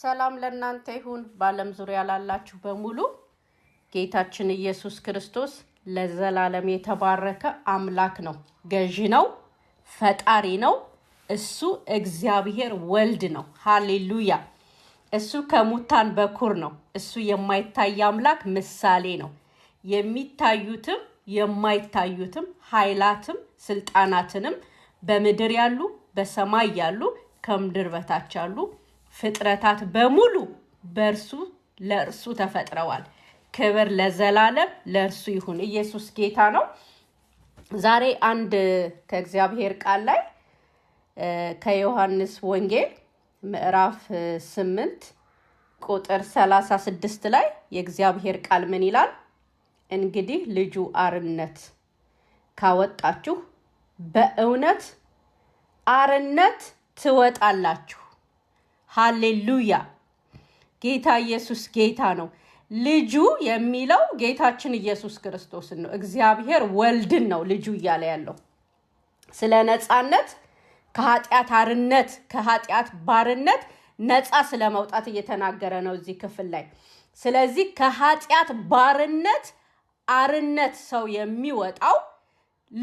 ሰላም ለእናንተ ይሁን፣ በዓለም ዙሪያ ላላችሁ በሙሉ። ጌታችን ኢየሱስ ክርስቶስ ለዘላለም የተባረከ አምላክ ነው፣ ገዢ ነው፣ ፈጣሪ ነው። እሱ እግዚአብሔር ወልድ ነው። ሃሌሉያ! እሱ ከሙታን በኩር ነው። እሱ የማይታይ አምላክ ምሳሌ ነው። የሚታዩትም የማይታዩትም ኃይላትም ስልጣናትንም በምድር ያሉ በሰማይ ያሉ ከምድር በታች ያሉ ፍጥረታት በሙሉ በእርሱ ለእርሱ ተፈጥረዋል። ክብር ለዘላለም ለእርሱ ይሁን። ኢየሱስ ጌታ ነው። ዛሬ አንድ ከእግዚአብሔር ቃል ላይ ከዮሐንስ ወንጌል ምዕራፍ ስምንት ቁጥር ሰላሳ ስድስት ላይ የእግዚአብሔር ቃል ምን ይላል? እንግዲህ ልጁ አርነት ካወጣችሁ በእውነት አርነት ትወጣላችሁ ሃሌሉያ። ጌታ ኢየሱስ ጌታ ነው። ልጁ የሚለው ጌታችን ኢየሱስ ክርስቶስን ነው። እግዚአብሔር ወልድን ነው ልጁ እያለ ያለው ስለ ነፃነት ከኃጢአት አርነት ከኃጢአት ባርነት ነፃ ስለ መውጣት እየተናገረ ነው እዚህ ክፍል ላይ። ስለዚህ ከኃጢአት ባርነት አርነት ሰው የሚወጣው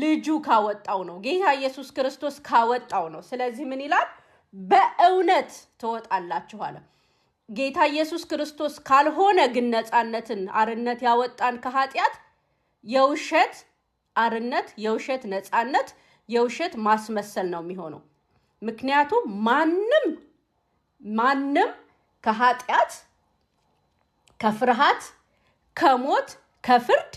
ልጁ ካወጣው ነው፣ ጌታ ኢየሱስ ክርስቶስ ካወጣው ነው። ስለዚህ ምን ይላል? በእውነት ትወጣላችሁ አለ። ጌታ ኢየሱስ ክርስቶስ ካልሆነ ግን ነፃነትን አርነት ያወጣን ከኃጢአት የውሸት አርነት፣ የውሸት ነፃነት፣ የውሸት ማስመሰል ነው የሚሆነው። ምክንያቱም ማንም ማንም ከኃጢአት ከፍርሃት ከሞት ከፍርድ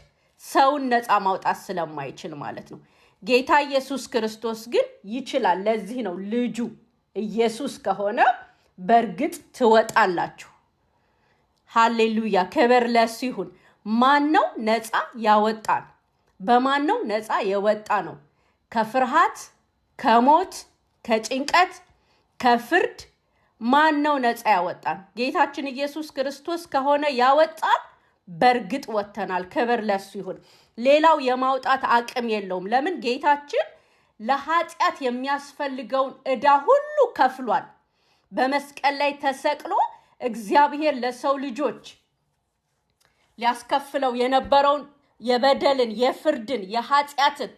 ሰውን ነፃ ማውጣት ስለማይችል ማለት ነው። ጌታ ኢየሱስ ክርስቶስ ግን ይችላል። ለዚህ ነው ልጁ ኢየሱስ ከሆነ በእርግጥ ትወጣላችሁ። ሃሌሉያ! ክብር ለሱ ይሁን። ማን ነው ነፃ ያወጣን? በማን ነው ነፃ የወጣ ነው? ከፍርሃት፣ ከሞት፣ ከጭንቀት፣ ከፍርድ ማን ነው ነፃ ያወጣን? ጌታችን ኢየሱስ ክርስቶስ ከሆነ ያወጣን በእርግጥ ወጥተናል። ክብር ለሱ ይሁን። ሌላው የማውጣት አቅም የለውም። ለምን ጌታችን ለኃጢአት የሚያስፈልገውን ዕዳ ሁሉ ከፍሏል። በመስቀል ላይ ተሰቅሎ እግዚአብሔር ለሰው ልጆች ሊያስከፍለው የነበረውን የበደልን፣ የፍርድን፣ የኃጢአትን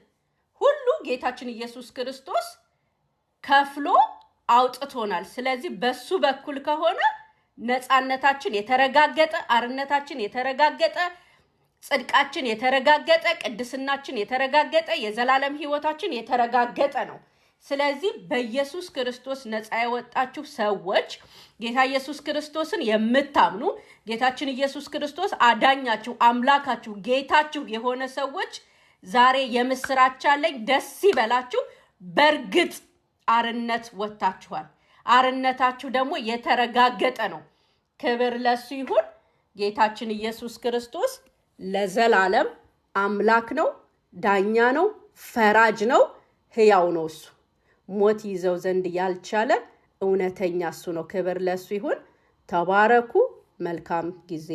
ሁሉ ጌታችን ኢየሱስ ክርስቶስ ከፍሎ አውጥቶናል። ስለዚህ በሱ በኩል ከሆነ ነፃነታችን የተረጋገጠ፣ አርነታችን የተረጋገጠ ጽድቃችን የተረጋገጠ፣ ቅድስናችን የተረጋገጠ፣ የዘላለም ህይወታችን የተረጋገጠ ነው። ስለዚህ በኢየሱስ ክርስቶስ ነፃ የወጣችሁ ሰዎች ጌታ ኢየሱስ ክርስቶስን የምታምኑ ጌታችን ኢየሱስ ክርስቶስ አዳኛችሁ፣ አምላካችሁ፣ ጌታችሁ የሆነ ሰዎች ዛሬ የምስራች አለኝ። ደስ ይበላችሁ። በእርግጥ አርነት ወጥታችኋል። አርነታችሁ ደግሞ የተረጋገጠ ነው። ክብር ለሱ ይሁን። ጌታችን ኢየሱስ ክርስቶስ ለዘላለም አምላክ ነው፣ ዳኛ ነው፣ ፈራጅ ነው፣ ህያው ነው። እሱ ሞት ይዘው ዘንድ ያልቻለ እውነተኛ እሱ ነው። ክብር ለእሱ ይሁን። ተባረኩ። መልካም ጊዜ